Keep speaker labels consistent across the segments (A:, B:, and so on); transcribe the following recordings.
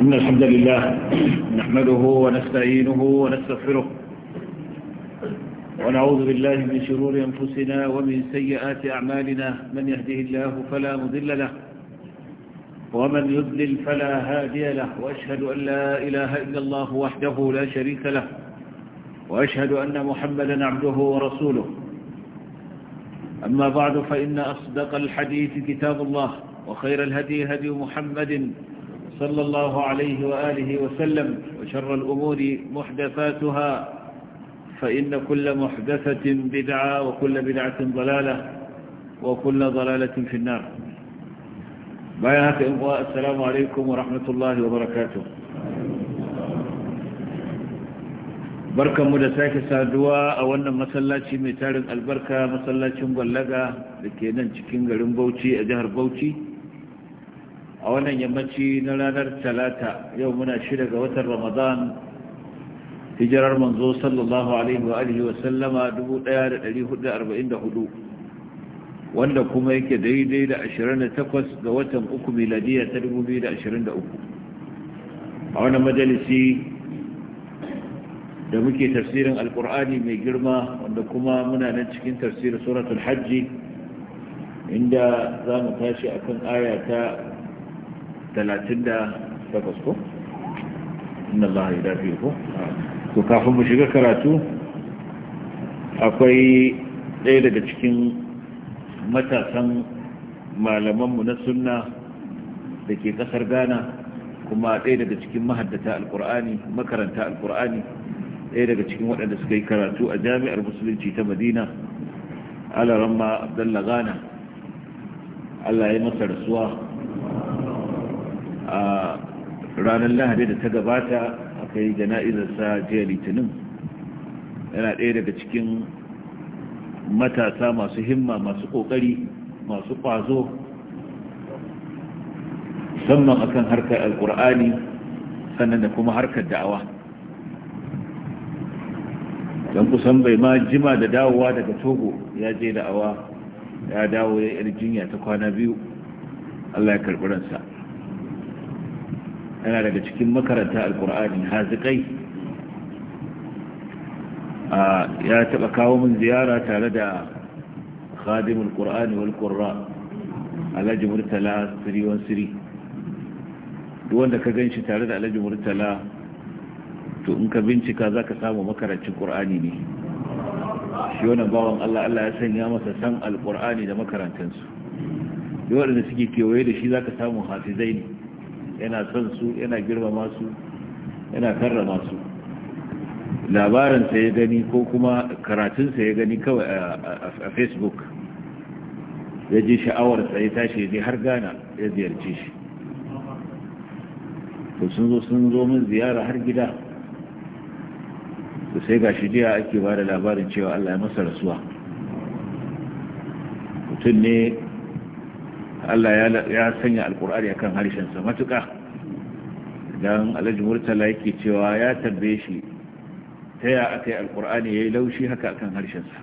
A: إن الحمد لله نحمده ونستعينه ونستغفره ونعوذ بالله من شرور أنفسنا ومن سيئات أعمالنا من يهده الله فلا مضل له ومن يذلل فلا هادي له وأشهد أن لا إله إلا الله وحده لا شريك له وأشهد أن محمدا عبده ورسوله أما بعد فإن أصدق الحديث كتاب الله وخير الهدي هدي محمد صلى الله عليه وآله وسلم وشر الأمور محدثاتها فإن كل محدثة بدعة وكل بدعة ضلالة وكل ضلالة في النار بيانات إمواء السلام عليكم ورحمة الله وبركاته بركة مدساك سادواء أولا مسلاتي ميتار البركة مسلاتي مبلغة لكي ننشكين غرم بوتي أجهر بوتي a wannan yammaci na ranar talata yau muna shida ga watan ramadan hijirar manzo sallallahu alaihi wa alihi wa sallama 1444 wanda kuma yake daidai da 28 ga watan uku miladiya ta 2023 a wannan majalisi da muke tafsirin alkur'ani mai girma wanda kuma muna nan cikin tafsirin suratul hajji inda za mu tashi akan aya ta talatin da takwas ko? inna Allah ya dafi ko? to kafin mu shiga karatu akwai ɗaya daga cikin matasan malamanmu na sunna da ke ƙasar ghana kuma ɗaya daga cikin mahaddata alkur'ani makaranta alkur'ani ɗaya daga cikin waɗanda suka yi karatu a jami'ar musulunci ta madina alaramma Abdullahi, ghana allah ya masa rasuwa a ranar lahadi da ta gabata aka yi jana'izarsa jiya litinin yana ɗaya daga cikin matasa masu himma masu ƙoƙari masu ƙwazo musamman akan harkar alƙur'ani sannan da kuma harkar da'awa don kusan bai ma jima da dawowa daga togo ya je da'awa ya dawo ya jinya ta kwana biyu allah ya karɓi ransa yana daga cikin makaranta alkur'ani hazikai ya taɓa kawo min ziyara tare da khadimul qur'ani wal qurra alhaji murtala siri wan siri wanda ka ganshi tare da alhaji murtala to in ka bincika za ka samu makarancin qur'ani ne shi wannan bawan Allah Allah ya sanya masa san alqur'ani da makarantansu duk wanda suke kewaye da shi za ka samu hafizai ne yana son su yana girmama su yana karrama su labarinsa ya gani ko kuma karatunsa ya gani kawai a facebook ya ji sha'awar ya tashi ya har gana ya ziyarci shi to sun zo sun zo min ziyara har gida to sai gashi, jiya ake ba da labarin cewa allah ya masa rasuwa mutum ne Allah ya sanya alkur'ani akan harshensa matuƙa don alhaji murtala yake cewa ya tambaye shi ta ya aka yi alkur'ani ya yi laushi haka akan harshensa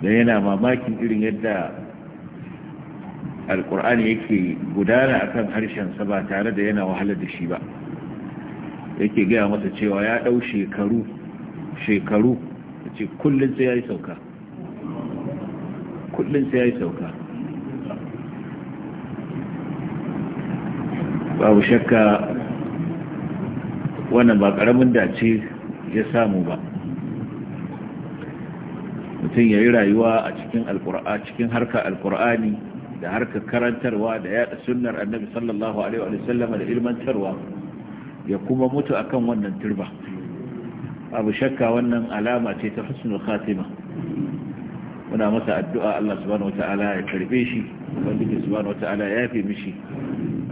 A: don yana mamakin irin yadda alkur'ani yake gudana akan harshensa ba tare da yana wahalar da shi ba yake gaya masa cewa ya ɗau shekaru shekaru a ce kullum sai ya yi sauka babu shakka wannan ba ƙaramin dace ya samu ba mutum ya yi rayuwa a cikin harka alkur'ani da harka karantarwa da yada sunnar annabi sallallahu alaihi wa sallam da ilmantarwa ya kuma mutu akan wannan turba abu shakka wannan alama ce ta husnul khatima muna masa addu'a Allah subhanahu wataala ya karbe shi wanda subhanahu wataala ya yafe mishi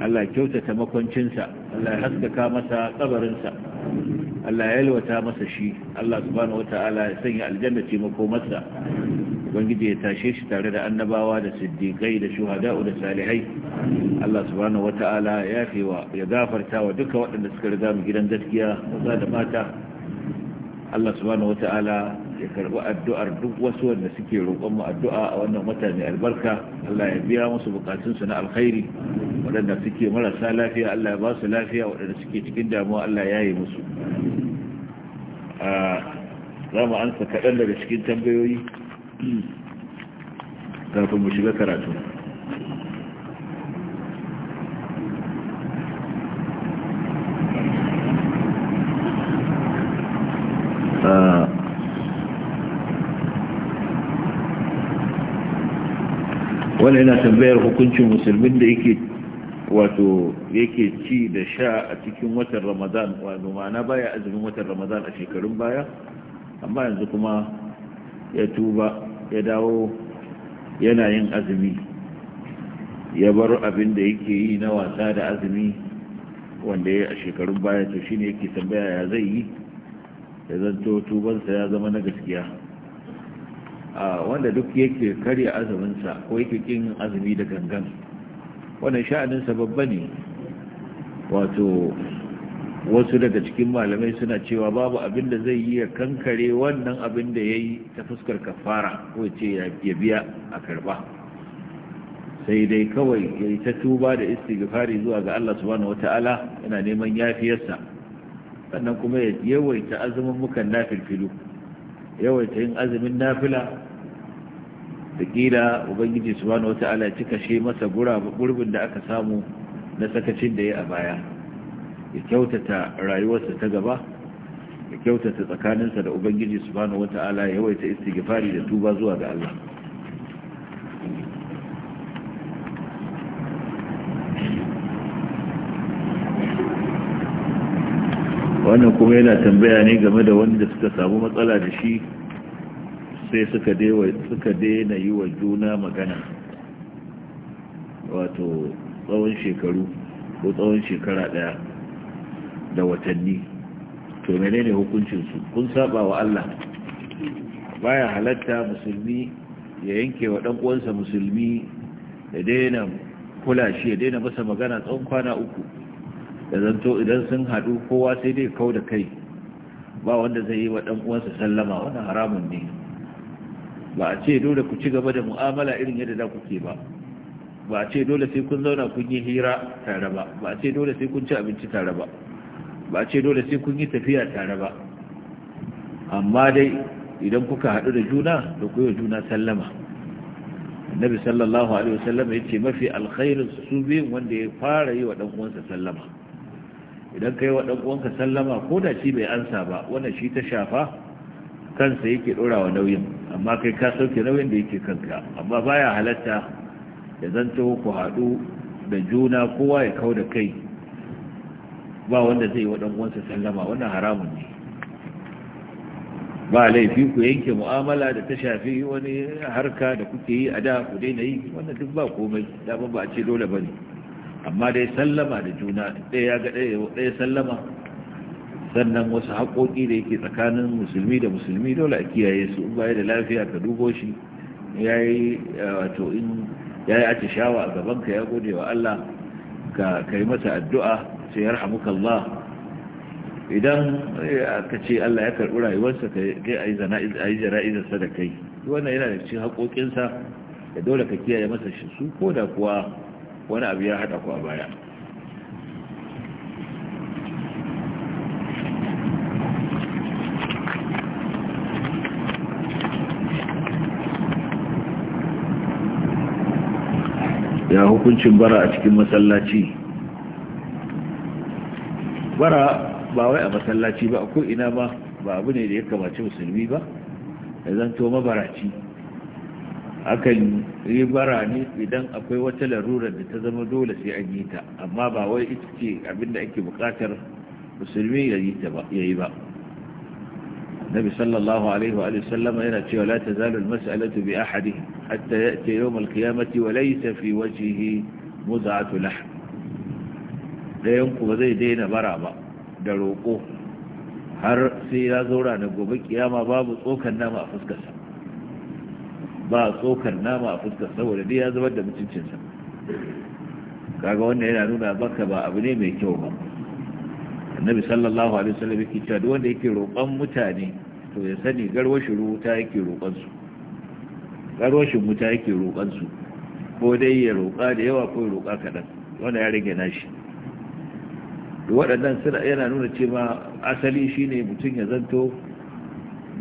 A: Allah kyautata makwancinsa Allah ya haskaka masa kabarinsa Allah ya yalwata masa shi Allah subhanahu wata'ala ya sanya aljanna ce makomarsa ubangiji ya tashe shi tare da annabawa da siddiqai da shuhada'u da salihai Allah subhanahu wata'ala ya fiwa ya gafarta wa duka waɗanda suka riga mu gidan gaskiya maza da mata Allah subhanahu wata'ala ke karɓi addu'ar duk wasu wanda suke roƙon mu addu'a a wannan wata mai albarka Allah ya biya musu bukatunsu na alkhairi waɗanda suke marasa lafiya Allah ya ba su lafiya waɗanda suke cikin damuwa Allah ya yi musu za mu ansa kaɗan daga cikin tambayoyi kafin mu shiga karatu
B: wani yana tambayar
A: hukuncin musulmin da yake wato yake ci da sha a cikin watan ramadan wato ma'ana baya azumin watan ramadan a shekarun baya amma yanzu kuma ya tuba ya dawo yana yin azumi ya bar abin da yake yi na wasa da azumi wanda ya a shekarun baya to shine yake tambaya ya zai yi ya zanto tubansa ya zama na gaskiya wanda duk yake karya azuminsa ko yake kin azumi da gangan wannan sha'anin babba ne wato wasu daga cikin malamai suna cewa babu abin da zai yi ya kankare wannan abin da ya yi ta fuskar kafara ko ce ya biya a karba sai dai kawai ya yi ta tuba da istighfari zuwa ga Allah subhanahu wata'ala yana neman yafiyarsa sannan kuma ya yawaita azumin mukan nafilfilu yawaita yin azumin nafila da kila ubangiji subhanahu wata'ala cika shi masa gurbin da aka samu na sakacin da ya a baya ya kyautata rayuwarsa ta gaba ya kyautata tsakaninsa da ubangiji subhanahu wata'ala ya yawaita istighfari da tuba zuwa ga Allah wannan kuma yana tambaya ne game da wanda suka samu matsala da shi sai suka daina yi wa juna magana wato tsawon shekaru ko tsawon shekara daya da watanni to menene hukuncinsu kun saba wa Allah baya halatta musulmi ya yanke wa dan uwansa musulmi ya daina kula shi ya daina masa magana tsawon kwana uku da zanto idan sun haɗu kowa sai dai kau da kai ba wanda zai yi wa ɗan'uwansa sallama wannan haramun ne ba a ce dole ku ci gaba da mu'amala irin yadda da ke ba ba a ce dole sai kun zauna kun yi hira tare ba ba a ce dole sai kun ci abinci tare ba ba a ce dole sai kun yi tafiya tare ba amma dai idan kuka haɗu da juna da kuwa juna sallama annabi sallallahu alaihi wasallam ya ce mafi alkhairin su biyun wanda ya fara yi wa ɗan uwansa sallama idan ka yi wa ɗan uwanka sallama ko da shi bai ansa ba wannan shi ta shafa kansa yake ɗorawa nauyin amma kai ka sauke nauyin da yake kanka amma baya halatta ya zanto ku haɗu da juna kowa ya kau da kai ba wanda zai wa uwansa sallama wannan haramun ne ba laifi ku yanke mu'amala da ta shafi wani harka da kuke yi a da ku daina yi wannan duk ba komai dama ba a ce dole ba ne amma dai sallama da juna ɗaya ga ɗaya sallama sannan wasu haƙoƙi da yake tsakanin musulmi da musulmi dole a kiyaye su in baya da lafiya ka dubo shi ya yi eh, wato in ya yi atishawa a gabanka ya gode wa Allah ka yi masa addu'a sai ya rahamuka Allah idan eh, ka ce Allah ya karɓi rayuwarsa ka yi jana'izarsa da kai wannan yana da cikin haƙoƙinsa da dole ka kiyaye masa shi su ko da kuwa wani abu ya haɗa ku a baya hukuncin bara a cikin masallaci bara ba wai a masallaci ba ko ina ba, ba abu ne da ya kamace musulmi ba da zanto mabaraci akan yi bara ne idan akwai wata larurar da ta zama dole sai an yi ta amma ba wai ita ce abinda ake bukatar musulmi ya yi ba النبي صلى الله عليه وآله وسلم ينأتي ولا تزال المسألة بأحدهم حتى يأتي يوم القيامة وليس في وجهه مزعة لحم لا ينقب دين sai ya gobe kiyama babu tsokar nama a fuskarsa ba tsokar nama a fuskar saboda dai ya da mutuncinsa kaga yana nuna baka ba abu ne mai kyau ba annabi sallallahu wanda yake mutane to ya sani garwashin wuta yake roƙonsu ko dai ya roƙa da yawa ko ya roƙa kaɗan wanda ya rage nashi waɗannan suna yana nuna ce ma asali shine mutum ya zanto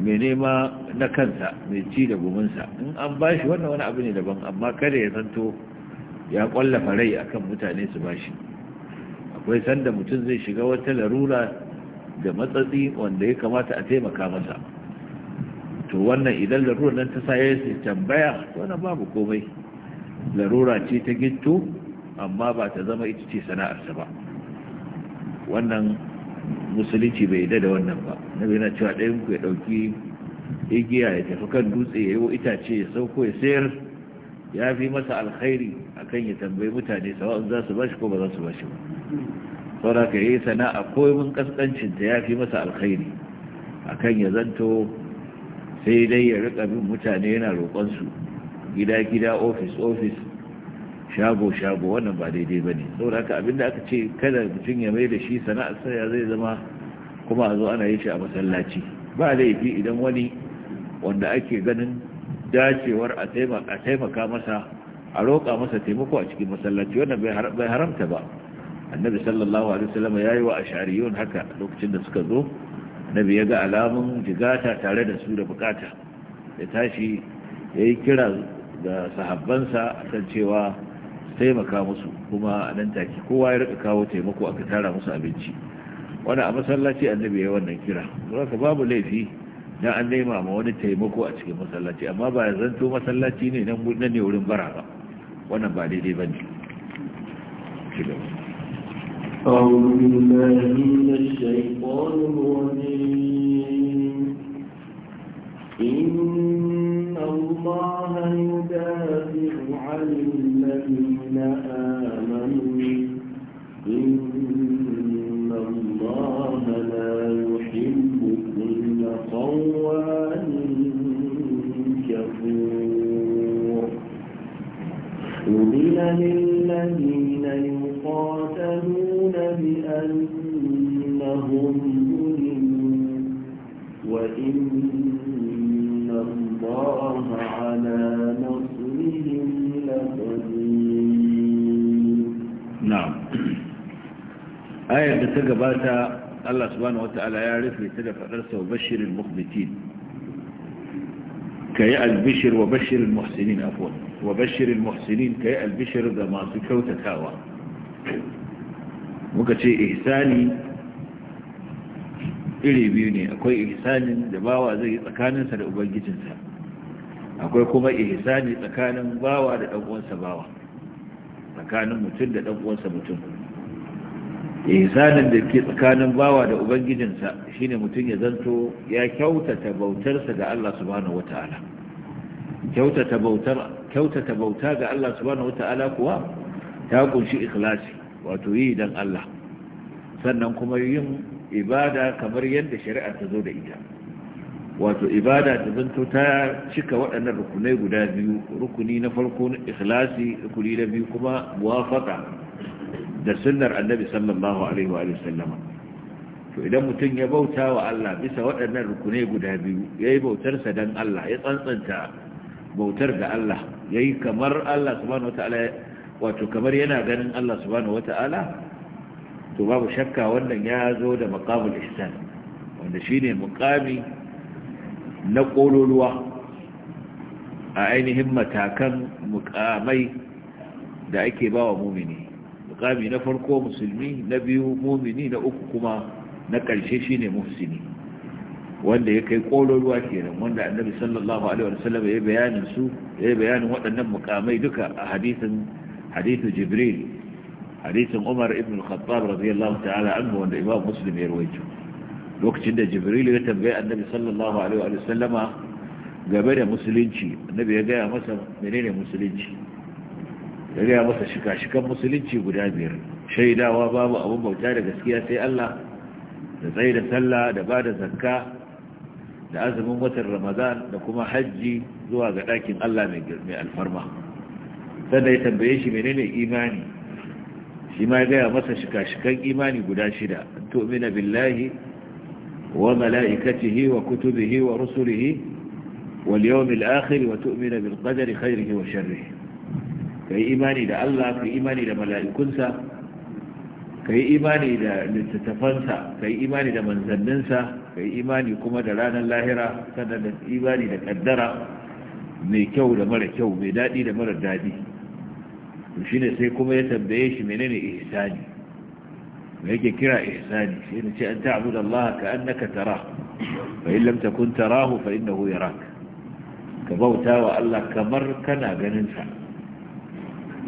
A: mai nema na kansa mai ci da gominsa in an ba shi wannan wani abu ne daban amma kada ya zanto ya ƙwallafa rai akan mutane su ba shi akwai sanda mutum zai shiga wata larura da matsatsi wanda ya kamata a taimaka masa to wannan idan larurar nan ta saye ya tambaya tambaya wannan babu komai larura ce ta gittu amma ba ta zama ita ce sana'arsa ba wannan musulunci bai da wannan ba na bai na cewa ɗayan ku ya ɗauki igiya ya tafi kan dutse ya yi wa itace ya sauko ya sayar ya fi masa alkhairi akan ya tambayi mutane sawa'un za su bashi ko ba za su shi ba saboda ka yi sana'a koyon kaskancinta ya fi masa alkhairi a kan ya zanto sai dai ya rika bin mutane yana roƙonsu gida-gida ofis-ofis shago-shago wannan ba daidai ba ne saboda abin da aka ce kada mutum ya mai da shi sana'ar saya zai zama kuma a zo ana yi shi a masallaci ba laifi idan wani wanda ake ganin dacewar a taimaka masa a roƙa masa taimako a cikin masallaci wannan bai haramta ba annabi sallallahu alaihi wasallam yayi wa ashariyun haka lokacin da suka zo nabi ya ga alamun jigata tare da su da bukata ya tashi yayi kira ga sahabbansa akan cewa taimaka musu kuma nan take kowa ya rika kawo taimako aka tara musu abinci wani a masallaci annabi ya wannan kira ka babu laifi na an nema ma wani taimako a cikin masallaci amma ba ya zanto masallaci ne nan ne wurin bara ba wannan ba daidai ne Thank you. أعوذ بالله من الشيطان إن الله يدافع gabata Allah subhanahu wata'ala ya rufe ta da fadar sau bashirin ka yi albishir wa bashirin muhsinin Afon, wa bashirin muhsinin yi albishir ga masu kyautatawa muka ce ihsani iri biyu ne akwai ihsanin da bawa zai yi tsakaninsa da ubangijinsa akwai kuma ihsani tsakanin bawa da ɗan'uwansa bawa tsakanin mutum da ɗan'uwansa mutum zanen da ke tsakanin bawa da ubangijinsa shine mutum ya zanto ya kyautata bautarsa ga Allah subhanahu wata'ala kyautata kyautata bauta ga Allah subhanahu wata'ala kuwa ta kunshi ikhlasi wato yi dan Allah sannan kuma yin ibada kamar yadda shari'a ta zo da ita wato ibada ta zanto ta cika waɗannan rukunai guda biyu rukuni na farko ikhlasi rukuni na biyu kuma da sunnar annabi sallallahu alaihi wa sallama to idan mutum ya bauta wa Allah bisa waɗannan rukune guda biyu ya yi sa don Allah ya tsantsanta bautar ga Allah ya yi kamar Allah subhanahu wata'ala wato kamar yana ganin Allah subhanahu wata'ala to babu shakka wannan ya zo da makamul ihsan wanda shine mukami na ƙololuwa a ainihin matakan muƙamai da ake ba wa mumini mukami na farko musulmi na biyu mumini na uku kuma na ƙarshe shi ne muhsini wanda ya kai ƙololuwa kenan wanda annabi sallallahu alaihi wasallam ya bayanin su ya bayanin waɗannan mukamai duka a hadisin hadithu jibril hadisin umar ibn al-khattab radiyallahu ta'ala anhu wanda imam muslim ya rawaito lokacin da jibril ya tambaye annabi sallallahu alaihi wasallama game da musulunci annabi ya gaya masa menene musulunci ya gaya masa shika-shikan musulunci guda biyar shaidawa babu abin bauta da gaskiya sai Allah da tsaye da sallah da ba da zakka da azumin watan ramadan da kuma hajji zuwa ga ɗakin Allah mai alfarma sannan ya tambaye shi menene imani shi ma ya gaya masa shika-shikan imani guda shida tu'mina billahi wa mala'ikatihi wa kutubihi wa rusulihi wal yawmil akhir wa tu'mina bil qadari khairihi wa sharrihi ka yi imani da Allah ka yi imani da mala'ikunsa ka yi imani da littattafansa ka yi imani da manzanninsa ka yi imani kuma da ranar lahira sannan da imani da kaddara mai kyau da mara kyau mai daɗi da mara daɗi shi ne sai kuma ya tambaye shi menene ihsani me yake kira ihsani shi ne ce an ta'budu Allah ka annaka tara fa in lam takun tarahu fa innahu yarak ka bauta wa Allah kamar kana ganin sa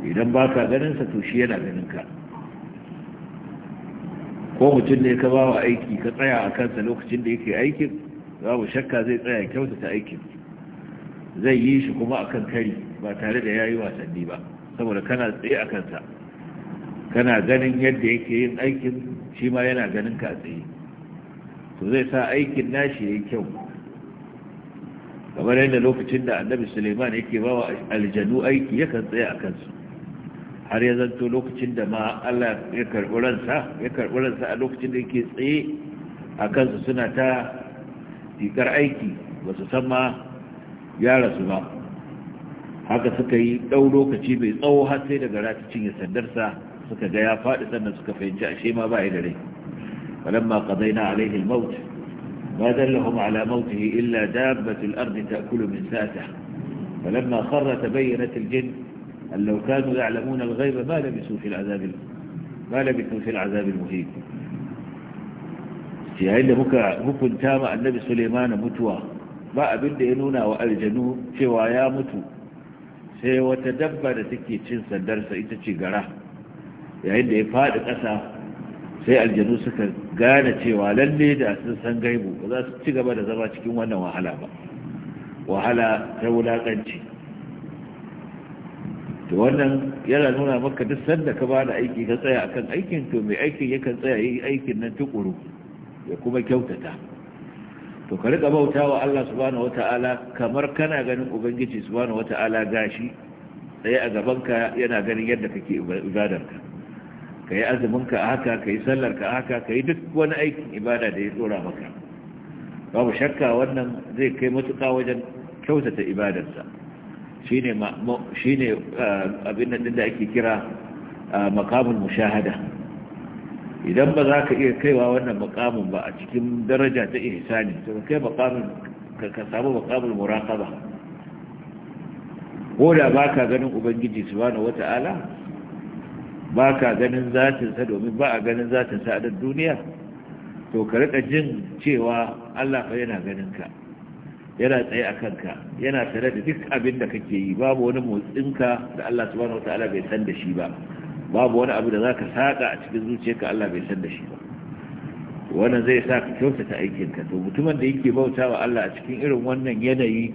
A: idan ba ka ganinsa to shi yana ganinka ko mutum ne ka ba wa aiki ka tsaya a kansa lokacin da yake aikin babu shakka zai tsaya kyautata aikin zai yi shi kuma akan kari ba tare da yayi wasanni ba saboda kana tsaye a kansa kana ganin yadda yake yin aikin shi ma yana ganin ka tsaye to zai sa aikin nashi yayi kyau kamar yadda lokacin da annabi suleiman yake bawa aljanu aiki yakan tsaye a kansu har ya zanto lokacin da ma Allah ya karɓi ransa a lokacin da yake tsaye a kansu suna ta tikar aiki ba su san ma ya rasu ba haka suka yi ɗau lokaci mai tsawo har sai daga rata cinye sandarsa suka ga ya faɗi sannan suka fahimci ashe ma ba da rai falamma qadaina alaihi al-maut ما illa على موته إلا دابة الأرض sata. من ma فلما خر تبينت الجن أن لو كانوا يعلمون الغيب ما لبثوا في العذاب ما لبثوا في العذاب في muka hukunta ma annabi Suleiman mutuwa ba abin da ya nuna wa aljanu cewa ya mutu sai wata dabba da take cin sandarsa ita ce gara yayin da ya faɗi ƙasa sai aljanu suka gane cewa lalle da sun san gaibu ba za su ci gaba da zama cikin wannan wahala ba wahala ta wulaƙanci wannan yana nuna maka duk sanda ka ba da aiki ka tsaya akan aikin to mai aikin yakan tsaya yi aikin nan tukuru ya kuma kyautata to ka riƙa bauta wa Allah subhanahu wata'ala kamar kana ganin ubangiji subhanahu wata'ala gashi tsaye a gabanka yana ganin yadda kake ibadar ka yi azumin ka haka ka yi ka a haka ka yi duk wani aikin ibada da ya tsora maka babu shakka wannan zai kai matuƙa wajen kyautata ibadarsa shine eh, abin nan da ake kira eh, maqamul mushahada idan ba za ka iya kaiwa wannan makamun ba a cikin daraja ta ihsani to kai makamun ka ka samu makamin muraqaba ko da baka ganin ubangiji subhanahu wata'ala baka ganin zatin sa domin ba a ganin zatin sa a duniya to ka rika jin cewa Allah fa yana ganin ka yana tsaye a kanka yana tare da duk abin da kake yi babu wani motsinka da Allah subhanahu wataala bai san da shi ba babu wani abu da zaka saka a cikin zuciyarka Allah bai san da shi ba wannan zai sa ka kyautata aikinka to mutumin da yake bautawa Allah a cikin irin wannan yanayi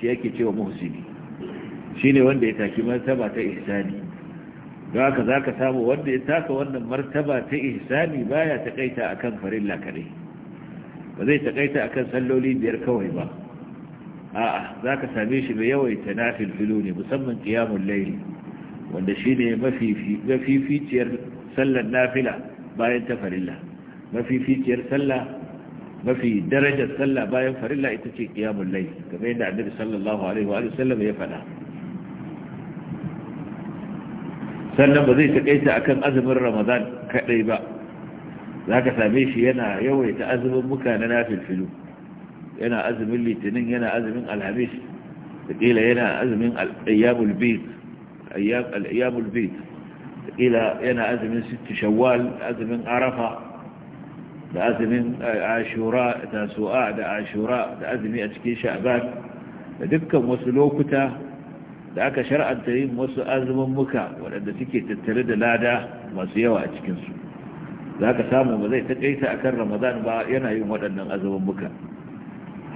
A: shi yake cewa muhsini shine wanda ya taki martaba ta ihsani don haka zaka samu wanda ya taka wannan martaba ta ihsani baya ta kaita akan farilla kadai ba zai taƙaita a kan salloli biyar kawai ba a'a za ka same shi mai yawaita na filfilo ne musamman kiyamun laili wanda shi ne mafificiyar sallar nafila bayan ta farilla mafificiyar sallah mafi darajar sallah bayan farilla ita ce kiyamun laili kamar yadda annabi sallallahu alaihi wa sallam ya faɗa sannan ba zai taƙaita a kan azumin ramadan kaɗai ba zaka same shi yana yawaita azumin muka na nafil filu yana azumin litinin yana azumin alhamis da ƙila yana azumin ayyamul bayt ayyam alayyamul bayt kila yana azumin sitt shawwal azumin arafa da azumin ashura da su'a da ashura da azumi a cikin sha'ban da dukkan wasu lokuta da aka shar'anta yin wasu azumin muka wadanda suke tattare da lada masu yawa a cikin su za ka samu ba zai taƙaita a kan ramadan ba yana yin waɗannan azabubbuka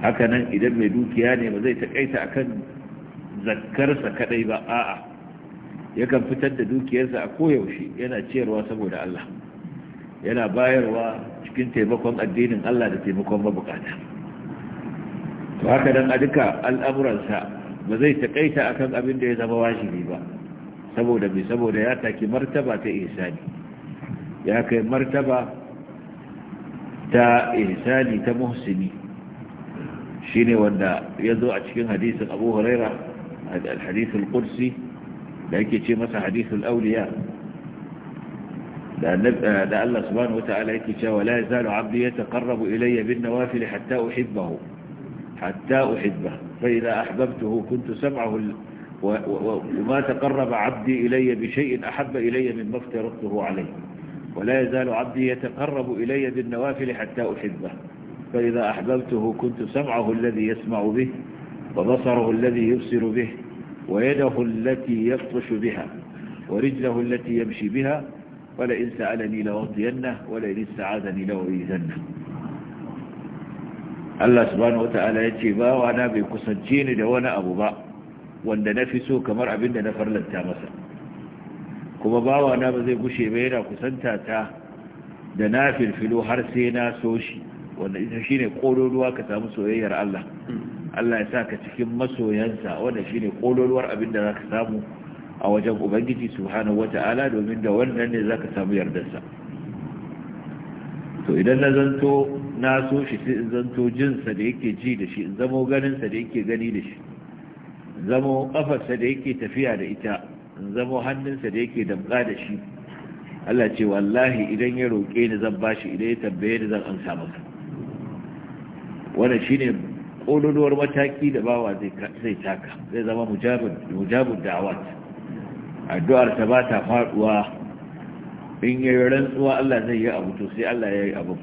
A: haka nan idan mai dukiya ne ba zai taƙaita a kan zakkarsa kaɗai ba a'a kan fitar da dukiyarsa a koyaushe yana ciyarwa saboda Allah yana bayarwa cikin taimakon addinin Allah da taimakon mabukata to haka nan a duka al'amuransa ba zai taƙaita akan abin da ya zama wajibi ba saboda mai saboda ya taki martaba ta ihsani ya kai martaba ta ihsani ta muhsini shine wanda ya zo a cikin hadisin abu huraira al-hadithul qudsi da yake ce masa hadithul awliya da Allah subhanahu wa ta'ala yake cewa la yazalu 'abdi yataqarrabu ilayya bin nawafil hatta uhibbahu hatta uhibbahu fa idha ahbabtuhu kuntu sam'ahu وما تقرب عبدي إلي بشيء أحب إلي مما افترضته عليه ولا يزال عبدي يتقرب إلي بالنوافل حتى أحبه فإذا أحببته كنت سمعه الذي يسمع به وبصره الذي يبصر به ويده التي يبطش بها ورجله التي يمشي بها ولئن سألني لأعطينه ولئن استعاذني لأعيذنه الله سبحانه وتعالى يتبا وانا بكسجين دون أبو kusance وان نفسه كمرع بنا نفر wanda na kuma bawa na ba zai gushe ba yana kusanta ta da na filfilo har sai na so shi wanda ita shine kololuwa ka samu soyayyar Allah Allah ya sa ka cikin masoyansa wanda shine kololuwar abin da zaka samu a wajen ubangiji subhanahu wata'ala domin da wannan ne zaka samu yardarsa to idan na zanto na so shi sai in zanto jinsa da yake ji da shi in zamo ganinsa da yake gani da shi zamo kafarsa da yake tafiya da ita in zama hannunsa da yake damƙa da shi Allah ce wallahi idan ya roƙe ni zan bashi idan ya tambaye ni zan amsa masa wannan shine kololuwar mataki da bawa zai taka zai zama mujabin da'awat addu'ar ta ba ta faduwa in ya yi rantsuwa Allah zai yi abu to sai Allah ya yi abu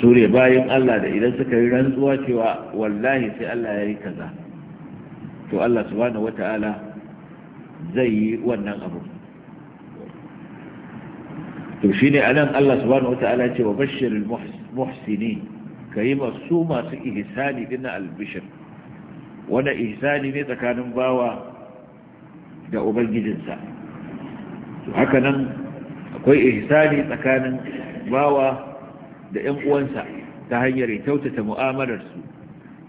A: sure bayan Allah da idan suka yi rantsuwa cewa wallahi sai Allah ya yi kaza to Allah subhanahu wata'ala zai yi wannan abu to shi shine anan Allah subhanahu wata'ala ce wa bashirul ka yi masu masu ihisani din albishir wanda ihisani ne tsakanin bawa da ubangijinsa haka nan akwai ihisani tsakanin bawa da 'yan uwansa ta hanyar kyautata mu'amalarsu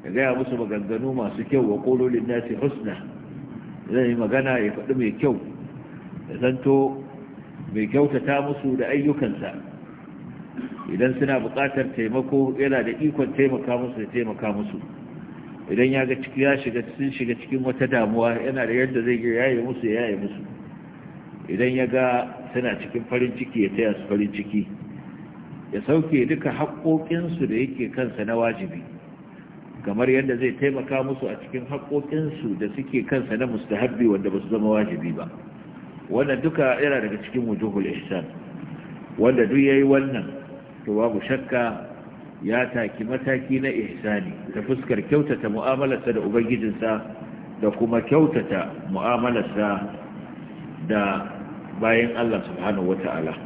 A: ya gaya musu maganganu masu kyau wa kololin nasi husna zai magana ya faɗi mai kyau da zanto mai kyautata musu da ayyukansa idan suna buƙatar taimako yana da ikon taimaka musu da taimaka musu idan ya ga ciki ya shiga sun shiga cikin wata damuwa yana da yadda zai yi yaye musu yaye musu idan ya ga suna cikin farin ciki ya taya su farin ciki ya sauke duka haƙoƙinsu da yake kansa na wajibi kamar yadda zai taimaka musu a cikin haƙoƙinsu da suke kansa na mustahabbi wanda ba su zama wajibi ba wannan duka yana daga cikin wujuhul ihsan wanda duk yayi wannan to babu shakka ya taki mataki na ihsani ta fuskar kyautata mu'amalarsa da ubangijinsa da kuma kyautata mu'amalarsa da bayan Allah subhanahu wata'ala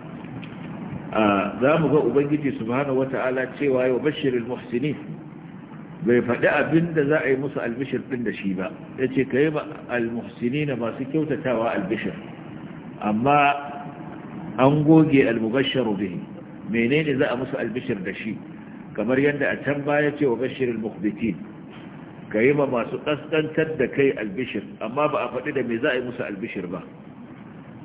A: za mu ga ubangiji subhanahu wata'ala cewa yau bashirin muhsinin bai faɗi abin da za a yi musu albishir ɗin da shi ba ya ce ka yi almuhsini na masu kyautatawa albishir amma an goge almubasharu bihi menene za a musu albishir da shi kamar yadda a can baya ce wa bashir almuhbitin ka yi ma masu ƙasƙantar da kai albishir amma ba a faɗi da me za a yi musu albishir ba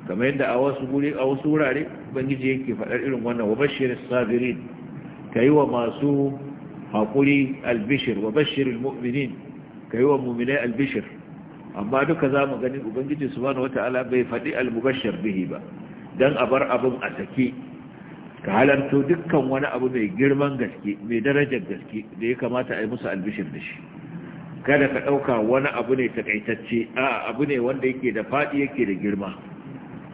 A: kamar yadda a wasu guri a wasu wurare ubangiji yake faɗar irin wannan wa bashir sabirin ka yi wa masu haƙuri albishir wa bashir almu'minin ka wa muminai albishir amma duka za mu gani ubangiji subhanahu wata'ala bai faɗi almubashir bihi ba dan a bar abin a take. ka halarto dukkan wani abu mai girman gaske mai darajar gaske da ya kamata a yi musu albishir da shi kada ka ɗauka wani abu ne takaitacce a abu ne wanda yake da faɗi yake da girma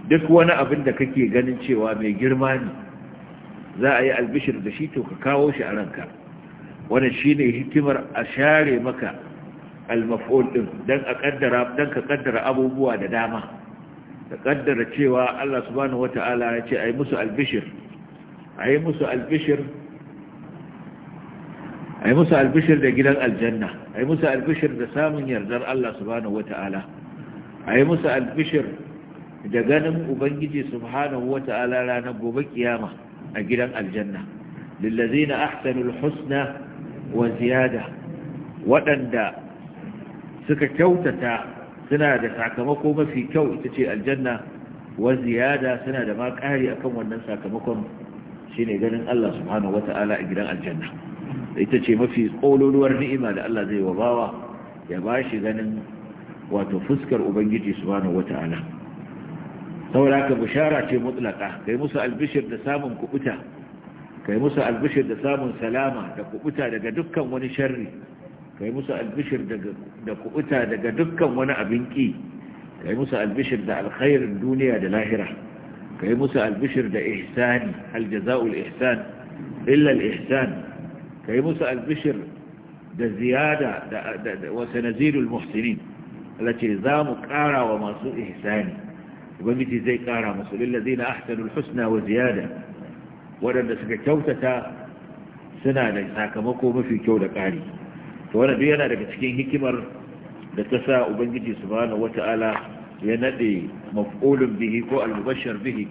A: duk wani abin da kake ganin cewa mai girma ne za a yi albishir da shi to ka kawo shi a ranka wannan shine hikimar a share maka al-maf'ul din ka kaddara abubuwa da dama ka kaddara cewa Allah subhanahu wataala ya ce ai musu albishir ai musu albishir musu albishir da gidan aljanna A ai musu albishir da samun yardar Allah subhanahu wataala
B: A ai musu albishir
A: da ganin ubangiji subhanahu wataala ranar gobe kiyama a gidan aljanna lillazina ahsanul husna wa ziyada waɗanda suka kyautata suna da sakamako mafi kyau ita ce aljanna wa ziyada suna da makari akan wannan sakamakon ne ganin Allah subhanahu wata'ala a gidan aljanna ita ce mafi ƙololuwar ni'ima da Allah zai wa bawa ya ba shi ganin wato fuskar ubangiji subhanahu wata'ala saboda haka bishara ce mutlaka kai musu albishir da samun kubuta kai musu albishir da samun salama da kubuta daga dukkan wani sharri kai musu albishir da kubuta daga dukkan wani abin ki kai musu albishir da alkhairin duniya da lahira kai musu albishir da ihsani aljaza'ul alihsan illa alihsan kai musu albishir da ziyada da wa sanazidul muhsinin التي زام قارا ومسوء إحساني وبمثل زي قارا مسؤول ahsanul husna wa ziyada waɗanda suka kyautata suna da sakamako mafi kyau da ƙari to wani duk yana daga cikin hikimar da ta sa ubangiji subhanahu wata'ala ya nade maf'ulun bihi ko al bihi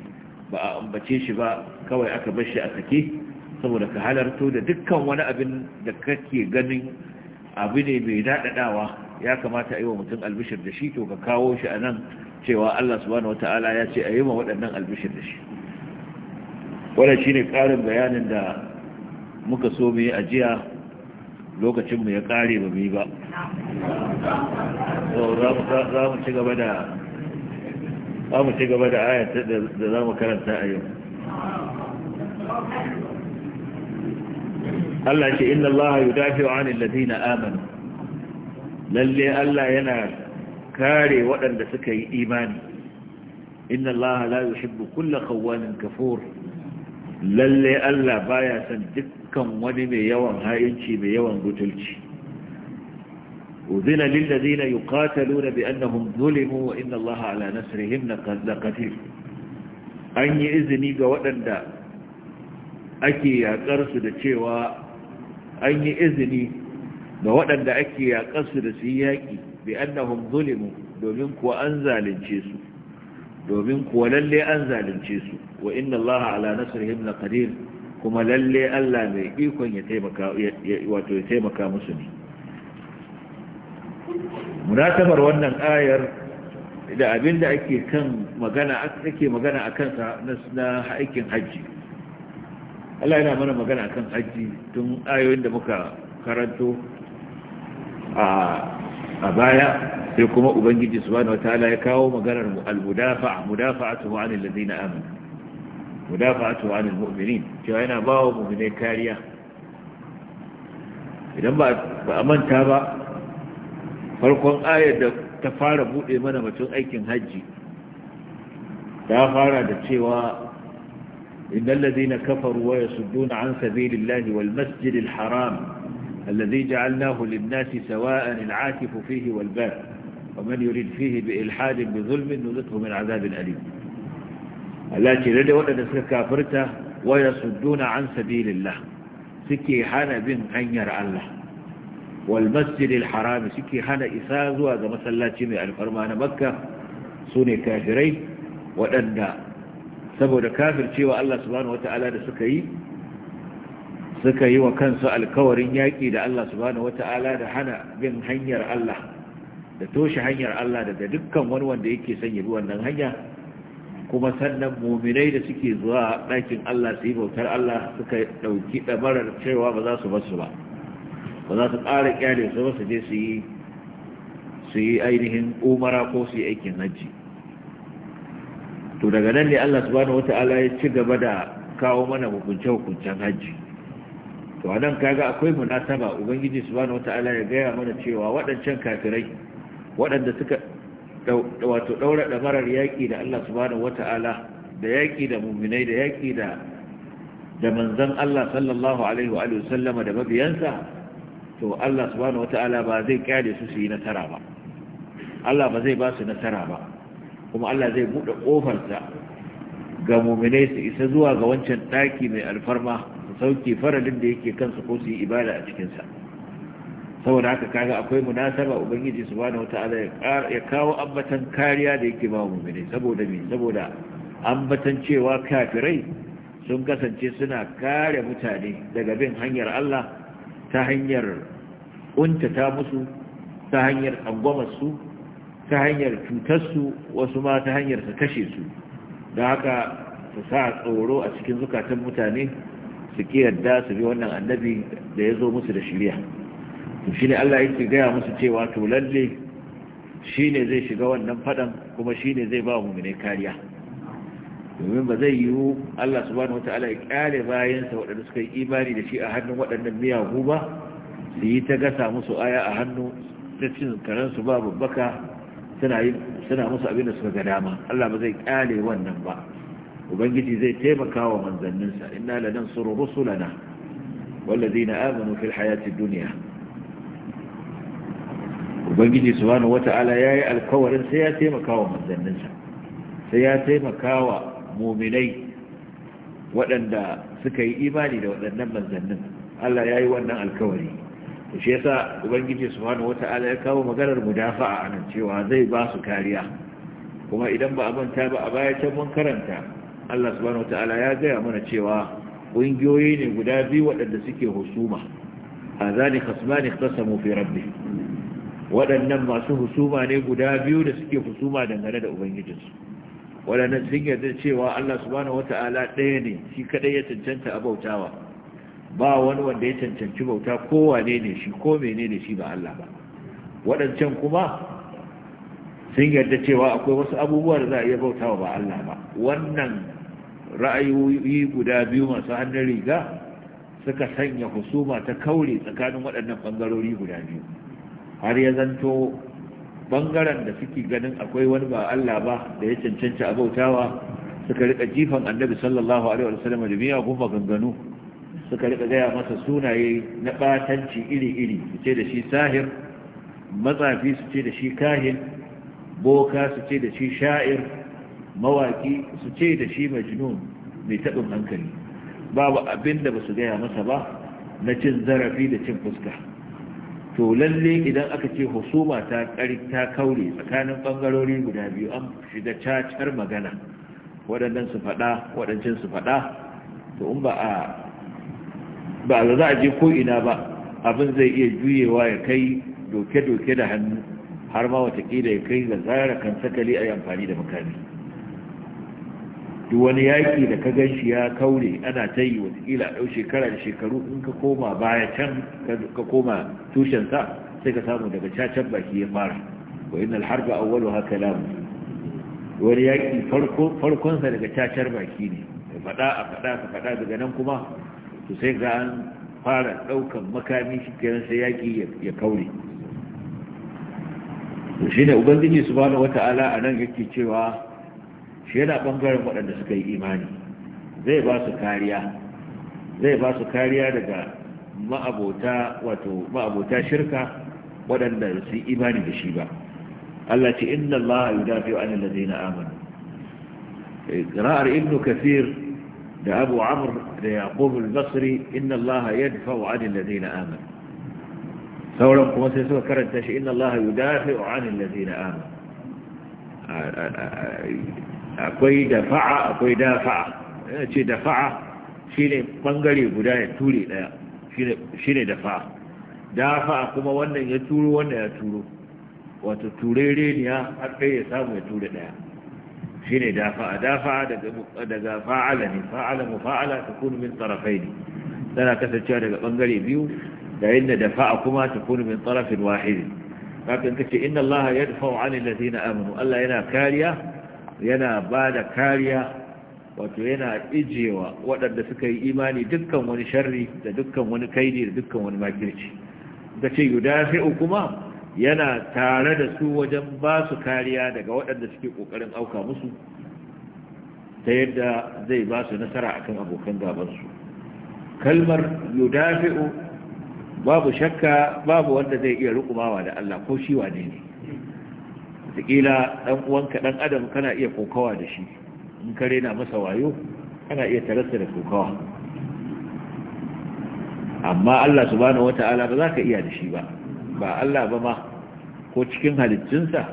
A: ba a ambace shi ba kawai aka bar shi a sake saboda ka halarto da dukkan wani abin da kake ganin abu ne mai daɗaɗawa ya kamata a yi wa mutum albishir da shi to ka kawo shi a nan cewa Allah subhanahu wata'ala ya ce a yi wa waɗannan albishir da shi wannan shine ƙarin bayanin da muka so mu yi ajiya lokacin mu ya ƙare ba mu yi ba za mu ci gaba da za mu ci gaba da ayata da za mu karanta a yau Allah ce inna Allah yudafi wa anil ladina amanu lalle Allah yana kare waɗanda suka yi imani inna Allah la yuhibbu kulla khawwanin kafur lalle Allah baya san dukkan wani mai yawan ha'inci mai yawan butulci uzina lil ladina yuqataluna bi annahum zulimu wa inna Allah ala nasrihim laqadir an yi izini ga waɗanda ake yakar su da cewa an yi izini ga waɗanda ake yakar su da su yaki bi annahum zulimu domin kuwa an zalunce su domin kuwa lalle an zalunce su wa inna allaha ala nasrihim laqadir kuma lalle Allah mai ikon ya taimaka wato ya taimaka musu ne munatabar wannan ayar da abinda ake kan magana ake magana akan sa na aikin haji Allah yana mana magana akan haji tun ayoyin da muka karanto a baya sai kuma ubangiji subhanahu wataala ya kawo maganar al-mudafa'a mudafa'atuhu 'anil alladhina amanu mudafa'atuhu al mu'minin cewa yana ba wa mu'minai kariya idan ba a manta ba farkon ayar da ta fara bude mana mutum aikin haji ta fara da cewa innal ladina kafaru wa yasudduna 'an sabilillahi wal masjidil haram الذي جعلناه للناس سواء العاكف فيه والباد ومن يريد فيه بإلحاد بظلم نذقه من عذاب أليم التي لدي وأن كافرته ويصدون عن سبيل الله سكي حانا بن أنير الله والمسجد الحرام سكي حانا إساز وهذا مثلا جميع الفرمان مكة سوني كافرين وأن سبب كافر شيء الله سبحانه وتعالى سكيه suka yi wa kansu alkawarin yaƙi da Allah subhanahu wata'ala da hana bin hanyar Allah da toshe hanyar Allah daga dukkan wani wanda yake son yabi wannan hanya kuma sannan muminai da suke zuwa ɗakin Allah su yi bautar Allah suka ɗauki ɗamarar cewa ba za su basu ba ba za su ƙara ƙyale su ba su je su yi ainihin umara ko su yi aikin hajji to daga nan ne Allah su wata ala ya ci gaba da kawo mana hukunce-hukuncen hajji to a nan kaga akwai munasaba ubangiji wata ala ya gaya mana cewa waɗancan kafirai waɗanda suka wato ɗaura ɗamarar yaƙi da Allah subhanahu wata'ala da yaƙi da muminai da yaƙi da da manzan Allah sallallahu alaihi wa sallama da mabiyansa to Allah subhanahu wata'ala ba zai kyale su su yi nasara ba Allah ba zai ba su nasara ba kuma Allah zai buɗe ƙofarsa ga muminai su isa zuwa ga wancan ɗaki mai alfarma su sauke faralin da yake kansu ko su yi ibada a cikinsa saboda haka kaga akwai munasaba ubangiji subhanahu wataala ya kawo ambatan kariya da yake ba mu'mini saboda me saboda ambatan cewa kafirai sun kasance suna kare mutane daga bin hanyar Allah ta hanyar kuntata musu ta hanyar su ta hanyar cutarsu wasu ma ta hanyar su kashe su da haka su sa tsoro a cikin zukatan mutane su ki yarda su bi wannan annabi da ya zo musu da shirya to shine Allah yake gaya musu cewa to lalle shine zai shiga wannan fadan kuma shine zai ba mu ne kariya domin ba zai yiwu Allah subhanahu wataala ya kyale bayansa waɗanda suka yi imani da shi a hannun waɗannan miyagu ba su yi ta gasa musu aya a hannu ta cin karansu ba babbaka suna musu abin da suka ga dama Allah ba zai kyale wannan ba ubangiji zai taimaka wa manzanninsa inna lanansuru rusulana wallazina amanu fil hayatid dunya ubangiji subhanahu wata'ala yayi alkawarin sai ya taimaka wa manzanninsa sai ya taimaka wa mu'minai waɗanda suka yi imani da waɗannan manzannin Allah yi wannan alkawari shi yasa ubangiji subhanahu wata'ala ya kawo maganar mudafa'a anan cewa zai ba su kariya kuma idan ba a manta ba a baya can mun karanta Allah subhanahu wata'ala ya gaya mana cewa ƙungiyoyi ne guda biyu waɗanda suke husuma a zani khasmani khasamu fi rabbi. waɗannan masu husuma ne guda biyu da suke husuma dangane da ubangijinsu waɗannan sun yarda cewa Allah subhanahu wata'ala ɗaya ne shi kaɗai ya cancanta a bautawa ba wani wanda ya cancanci bauta ko wane ne shi ko mene ne shi ba Allah ba waɗancan kuma sun yarda cewa akwai wasu abubuwa da za a iya bautawa ba Allah ba wannan ra'ayoyi guda biyu masu hannun riga suka sanya husuma ta kaure tsakanin waɗannan ɓangarori guda biyu har ya zanto bangaren da suke ganin akwai wani ba Allah ba da ya cancanci abautawa suka rika jifan annabi sallallahu alaihi wa sallam, da biya kuma ganganu suka rika gaya masa sunaye na batanci iri-iri su ce da shi sahir matsafi su ce da shi kahin boka su ce da shi sha'ir mawaki su ce da shi majnun mai taɓin hankali babu abin da ba su gaya masa ba na cin zarafi da cin fuska to lalle idan aka ce husuma ta ta kaure tsakanin ɓangarori guda biyu an shiga cacar magana waɗannan su faɗa waɗancan su faɗa to in ba a ba za a je ko ina ba abin zai iya juyewa ya kai doke-doke da hannu har ma watakila ya kai ga zara kan sakali a yi amfani da makami duk wani yaƙi da ka gan shi ya kaure ana ta yi watakila a ɗau shekara da shekaru in ka koma baya can ka koma tushensa sai ka samu daga cacan baki ya fara wa yin alharba awwalu haka lamu wani yaƙi farkonsa daga cacar baki ne ka faɗa a faɗa ka faɗa daga nan kuma to sai ga an fara ɗaukan makami shi kenan sai yaƙi ya kaure to shine ubangiji subhanahu wata'ala anan yake cewa shi yana bangaren waɗanda suka yi imani zai ba su kariya zai ba su kariya daga ma'abota wato ma'abota shirka waɗanda su yi imani da shi ba Allah ce inna Allah yudafi an alladhina amanu Ra'ar ibnu kathir da abu amr da yaqub al-basri inna Allah yadfa'u an alladhina amanu sauran kuma sai suka karanta shi inna Allah yudafi an alladhina amanu akwai dafa'a akwai dafa'a yana ce dafa'a shi ne ɓangare guda ya ture ɗaya shi ne dafa'a dafa'a kuma wannan ya turo wannan ya turo wata turere ne har ɗaya ya samu ya ture ɗaya shi ne dafa'a dafa'a daga fa'ala ne fa'ala mu fa'ala ta kunu min tarafai ne tana kasancewa daga ɓangare biyu da da dafa'a kuma ta kunu min tarafin wahidi kafin kace inna allaha yadfa'u 'anil ladina amanu Allah yana kariya yana ba da kariya wato yana ijewa waɗanda suka yi imani dukkan wani sharri da dukkan wani kaidi da dukkan wani makirci da ce yudafi'u kuma yana tare da su wajen ba su kariya daga waɗanda suke ƙoƙarin auka musu ta yadda zai ba su nasara akan abokan gabansu kalmar yudafi'u babu shakka babu wanda zai iya rukumawa da Allah ko shi wane ne zikila dan uwanka ɗan adam kana iya kokawa da shi in ka rena masa wayo kana iya tarasta da kokawa amma Allah subhanahu wata'ala ba za ka iya da shi ba ba Allah ba ma ko cikin halittinsa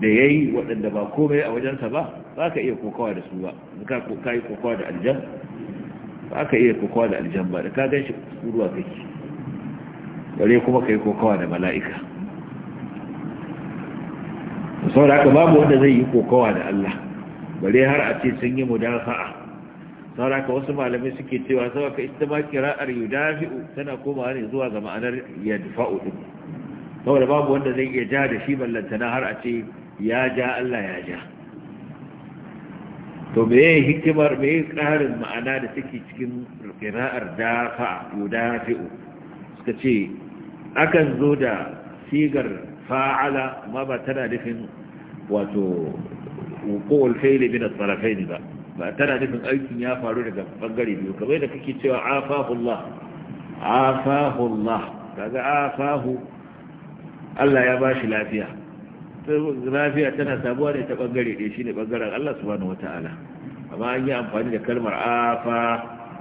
A: da ya yi waɗanda ba komai a wajensa ba ba ka iya kokawa da su ba ka yi kokawa da aljan ba ka iya kokawa da aljan ba da ka gan shi ruwa kake bare kuma ka yi kokawa da mala'ika saboda haka babu wanda zai yi kokawa da Allah bare har a ce sun yi mudafa'a saboda haka wasu malamai suke cewa saboda ka ita ma kira'ar yudafi'u tana komawa ne zuwa ga ma'anar yadfa'u din saboda babu wanda zai iya ja da shi ballantana har a ce ya ja Allah ya ja to me hikimar me karin ma'ana da take cikin kira'ar dafa'a yudafi'u suka ce akan zo da sigar fa'ala ma ba tana nufin wato kowal faili min asarafai ne ba ba tana nufin aikin ya faru daga bangare biyu kamar da kake cewa afahullah afahullah kaga afahu Allah ya bashi lafiya lafiya tana sabuwa ne ta bangare ɗaya shine bangaren Allah subhanahu wataala amma an yi amfani da kalmar afa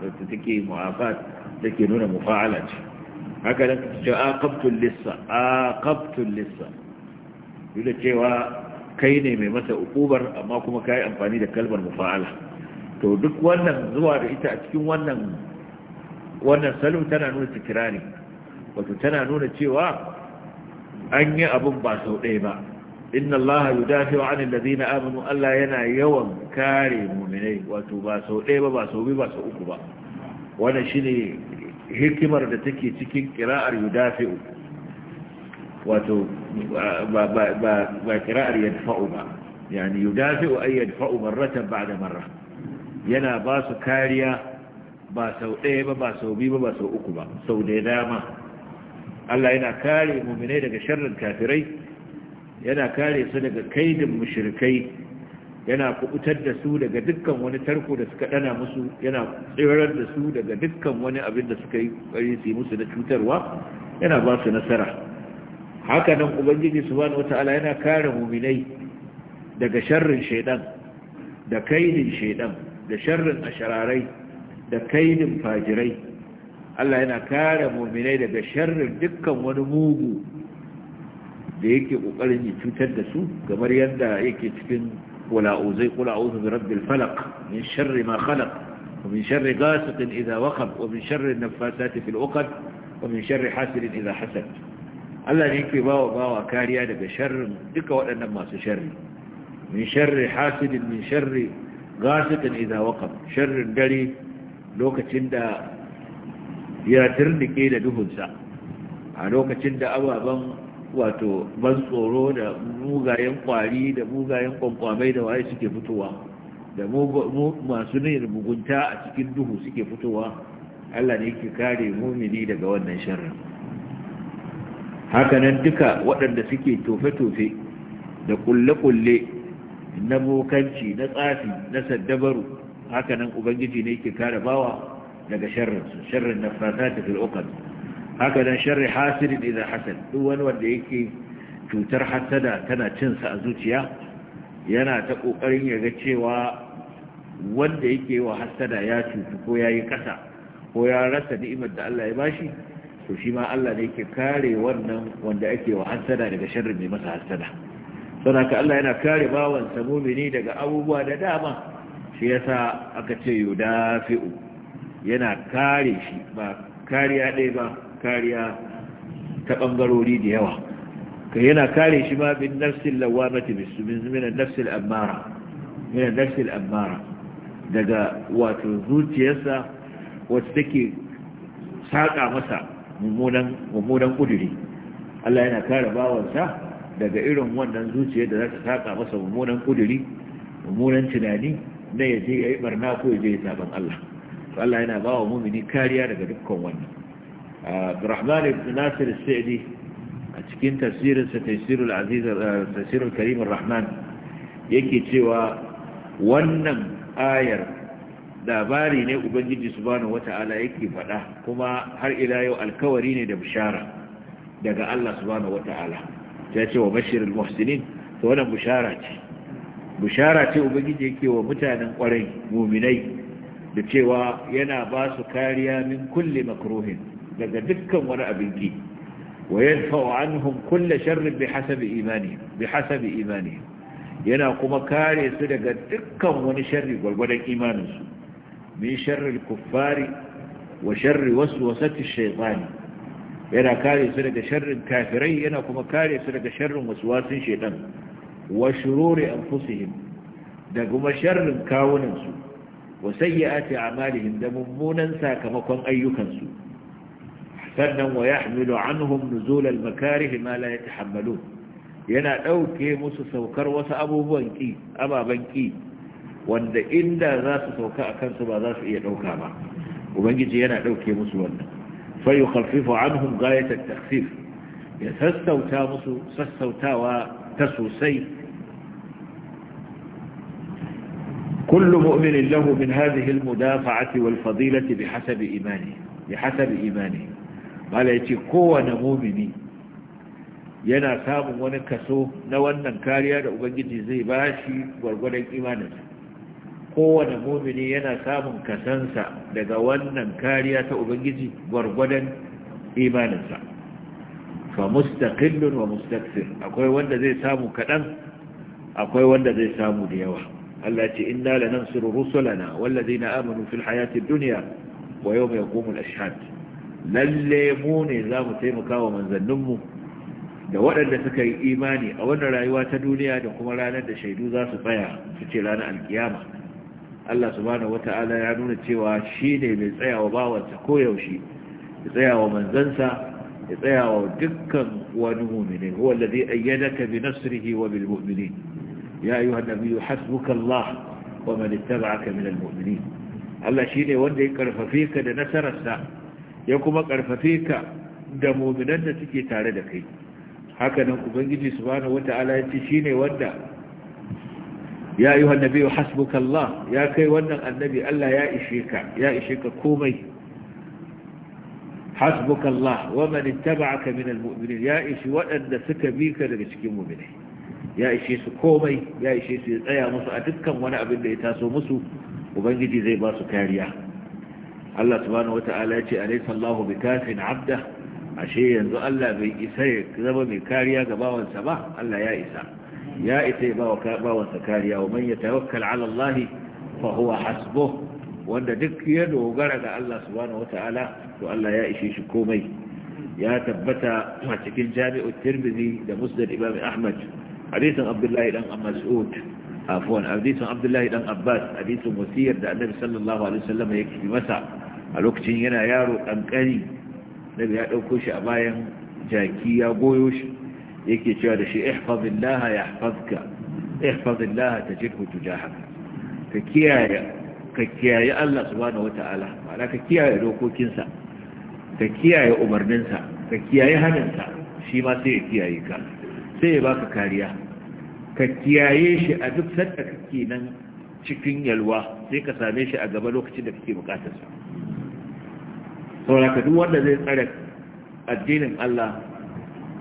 A: da take mu'afat take nuna mufa'ala ce haka nan ce aqabtul lissa aqabtul lissa yadda cewa kai ne mai masa ukubar amma kuma ka yi amfani da kalmar mufa'ala to duk wannan zuwa da ita a cikin wannan wannan salim tana nuna tikira ne wato tana nuna cewa an yi abin ba sau ɗaya ba inna allaha yudafi wa anil ladina amanu allah yana yawan kare mu'minai wato ba sau ɗaya ba ba sau biyu ba sau uku ba wannan shine hikimar da take cikin kira'ar yudafi'u wato ba kira'ar yadfa'u ba yani yudafi'u ay yadfa'u marratan da marra yana ba su kariya ba sau ɗaya ba ba sau biyu ba ba sau uku ba sau da dama Allah yana kare mu'minai daga sharrin kafirai yana kare su daga kaidin mushrikai yana kubutar da su daga dukkan wani tarko da suka dana musu yana tsirar da su daga dukkan wani abin da suka yi ƙwari su yi musu na cutarwa yana ba su nasara haka nan ubangiji subhanahu wata'ala yana kare muminai daga sharrin shaidan da kainin shaidan da sharrin ashararai da kainin fajirai Allah yana kare muminai daga sharrin dukkan wani mugu da yake kokarin ya cutar da su kamar yadda yake cikin wala'uzai qula'uzu bi rabbil falaq min sharri ma khalaq wa min sharri ghasiqin idha waqab wa min sharri an-naffathati fil 'uqad wa min sharri hasidin idha hasad Allah ne ba bawa bawa kariya daga sharrin duka waɗannan masu sharri min sharri hasidin min sharri gasikin idza waqab sharrin dare lokacin da ya turnike da duhunsa a lokacin da ababen wato ban tsoro da mugayen kwari da mugayen kwankwamai da waye suke fitowa da masu ne mugunta a cikin duhu suke fitowa Allah ne yake kare mumini daga wannan sharrin hakanan duka waɗanda suke tofe-tofe da kulle-kulle na bokanci na tsafi na saddabaru hakanan ubangiji ne ke kare bawa daga sharrinsu sharrin na fata ta fil'ukan hakanan sharri hasirin idan hasan duk wani wanda yake cutar hasada tana cinsa a zuciya yana ta ƙoƙarin ga cewa wanda yake wa hasada ya cutu ko ya yi ƙasa ko ya rasa ni'imar da Allah ya bashi to shi ma Allah ne yake kare wannan wanda ake wa hasada daga sharri mai masa hasada saboda Allah yana kare bawan sa mu'mini daga abubuwa da dama shi yasa aka ce yudafi'u yana kare shi ba kariya ɗaya ba kariya ta bangarori da yawa ka yana kare shi ma bin nafsil lawamati bisu min nafsil amara min nafsil amara daga wato zuciyarsa wacce take saƙa masa mummunan kuduri Allah yana kare bawansa daga irin wannan zuciyar da za ta saka masa mummunan kuduri mummunan tunani na yaje je yi barna ko ya je ya saban Allah Allah yana ba wa mumini kariya daga dukkan wannan Rahman ibn Nasir al-Sa'di a cikin tafsirin sa Tafsirul Aziz Tafsirul Karim Rahman yake cewa wannan ayar labari ne ubangiji subhanahu wata'ala yake faɗa kuma har ila yau alkawari ne da bishara daga Allah subhanahu wata'ala ta ce wa bashirul muhsinin to wannan bishara ce bishara ce ubangiji yake wa mutanen kwarai muminai da cewa yana ba su kariya min kulli makruhin daga dukkan wani abinki wa yadfa'u anhum kulli sharrin bihasabi imani hasabi imani yana kuma kare su daga dukkan wani sharri gwargwadon imaninsu min sharrin kuffari wa sharri waswasati shaytani yana kare su daga sharrin kafirai yana kuma kare su daga sharrin waswasin shaytan wa shururi anfusihim da kuma sharrin kawunan su wa sayyiati a'malihim da mummunan sakamakon ayyukan su sannan wa yahmilu anhum nuzul al makarih ma la yatahammalun yana dauke musu saukar wasu abubuwan ki ababan ki wanda inda za su sauka a kansu ba za su iya ɗauka ba ubangiji yana ɗauke musu wannan fa yukhaffifu anhum ghayat ta takhfif ya sassauta musu sassautawa ta sosai kullu mu'minin lahu min hadhihi al-mudafa'ati wal fadilati bihasabi imani hasabi imani mala yace kowane mu'mini yana samun wani kaso na wannan kariya da ubangiji zai bashi gwargwadon imaninsa kowane mumini yana samun kasansa daga wannan kariya ta ubangiji gwargwadon imaninsa fa mustaqillun wa mustaqsir akwai wanda zai samu kadan akwai wanda zai samu da yawa Allah ce inna lanansuru rusulana wallazina amanu fil hayati dunya wa yawma yaqumul ashhad lalle mu ne zamu taimaka wa manzanninmu da waɗanda suka yi imani a wannan rayuwa ta duniya da kuma ranar da shaidu za su tsaya su ce ranar alkiyama Allah subhanahu wata'ala ya nuna cewa shi ne mai tsayawa bawansa koyaushe ya tsayawa manzansa ya tsayawa dukkan wani mumini huwa alladhi ayyadaka bi nasrihi wa bil mu'minin ya ayyuhan nabiyyu Hasbukallah wa man ittaba'aka min al mu'minin Allah shi ne wanda ya karfafe ka da nasararsa ya kuma karfafe ka da mu'minan da suke tare da kai haka nan ubangiji subhanahu wata'ala ya ce shi ne wanda ya ayyuhan nabiyyu hasbukallah ya kai wannan annabi Allah ya ishe ka ya ishe ka komai hasbukallah wa man ittaba'aka minal mu'minin ya ishi waɗanda suka bi ka daga cikin mu'minai ya ishe su komai ya ishe su tsaya musu a dukkan wani abin da ya taso musu ubangiji zai ba su kariya Allah subhanahu wata'ala ya ce alaysa Allahu bikafin 'abda ashe yanzu Allah bai isa ya zama mai kariya ga bawansa ba Allah ya isa ya ita ya bawa kariya wa man ya tawakkal ala Allah fa huwa hasbuh wanda duk ya dogara ga Allah subhanahu wata'ala to Allah ya ishe shi komai ya tabbata a cikin jami'ut tirmidhi da musnad imam ahmad hadisin abdullahi dan mas'ud afwan hadisin abdullahi dan abbas hadisin wasiyar da annabi sallallahu alaihi wasallam yake masa a lokacin yana yaro kankani nabi ya dauko shi a bayan jaki ya goyo yake cewa da shi ihfazillaha yahfazka ihfazillaha tajidhu tujahaka ka kiyaye ka kiyaye Allah subhanahu wata'ala ma'ana ka kiyaye dokokinsa ka kiyaye umarninsa ka kiyaye hannunsa shi ma sai ya kiyaye ka sai ya baka kariya ka kiyaye shi a duk sanda kake nan cikin yalwa sai ka same shi a gaba lokacin da kake bukatarsa saboda ka duk wanda zai tsare addinin Allah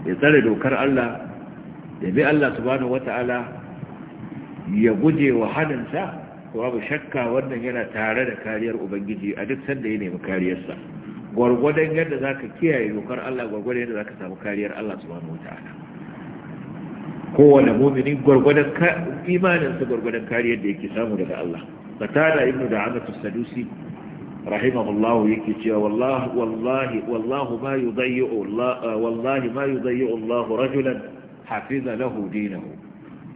A: ya tsare dokar Allah ya bi Allah subhanahu wata'ala ya guje wa haninsa babu shakka wannan yana tare da kariyar ubangiji a duk sanda ya nemi kariyarsa gwargwadon yadda za ka kiyaye dokar Allah gwargwadon yadda za ka samu kariyar Allah subhanahu wata'ala kowane mumini gwargwadon imaninsa gwargwadon kariyar da yake samu daga Allah fatada ibnu da amatu sadusi rahimahullahu yake cewa wallahi wallahi wallahu ma yudayyi'u eh, wallahi ma yudayyi'u Allahu rajulan hafiza lahu dinahu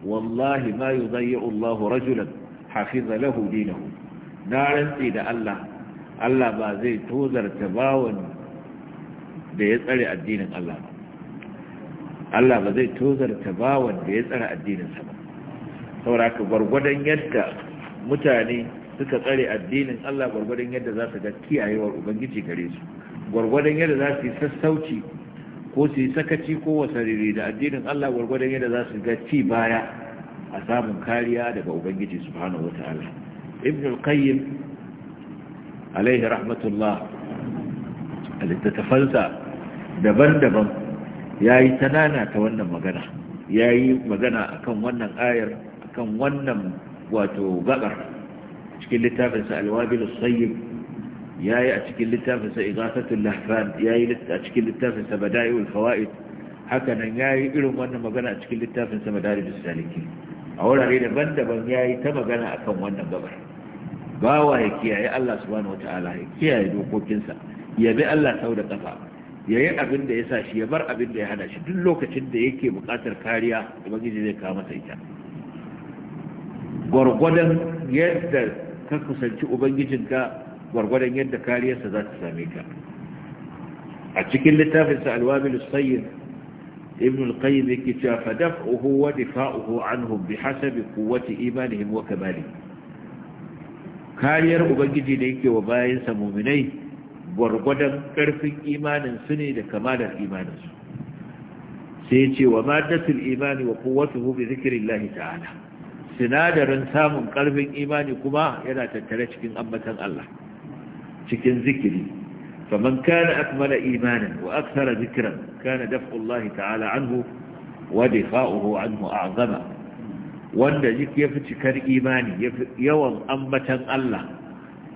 A: wallahi ma yudayyi'u Allahu rajulan hafiza lahu dinahu na rantsi da Allah Allah ba zai tozarta bawan da ya tsare addinin Allah ba Allah ba zai tozarta bawan da ya tsare addinin sa ba saboda ka gwargwadon yadda mutane suka tsare addinin Allah gwargwadon yadda za su ga kiyayewar ubangiji gare su gwargwadon yadda za su yi sassauci ko su yi sakaci ko wasarere da addinin Allah gwargwadon yadda za su ga ci baya a samun kariya daga ubangiji subhanahu wataala ibn al-qayyim alaihi rahmatullah a littattafansa daban-daban ya yi tanana ta wannan magana ya yi magana akan wannan ayar akan wannan wato gabar cikin littafinsa alwabil sayyib yayi a cikin littafinsa igasatul lahfan yayi a cikin littafinsa bada'iul fawaid haka nan yayi irin wannan magana a cikin littafinsa madarijus salikin a wurare daban-daban yayi ta magana akan wannan gabar
B: bawa ya kiyaye
A: Allah subhanahu wataala ya kiyaye dokokinsa ya bi Allah sau da kafa yayi yi abin da ya shi ya bar abin da ya hana shi duk lokacin da yake bukatar kariya ubangiji zai kawo masa ita gwargwadon yadda ka kusanci ubangijinka gwargwadon yadda kariyarsa za ta same ka a cikin littafinsa alwamil sayyid ibn al-qayyim yake cewa fadaf'uhu wa difa'uhu bi hasabi quwwati imanihim wa kamalihim kariyar ubangiji da yake wa bayansa muminai gwargwadon karfin imanin su ne da kamalar imanin su sai ce wa maddatul imani wa quwwatuhu bi zikrillahi ta'ala sinadarin samun karfin imani kuma yana tattare cikin ambatan Allah cikin zikiri faman kana akmala imanin, wa akthara zikiran kana daf'u Allah ta'ala anhu wa difa'uhu anhu a'zama wanda ya fi cikar imani yawan ambatan Allah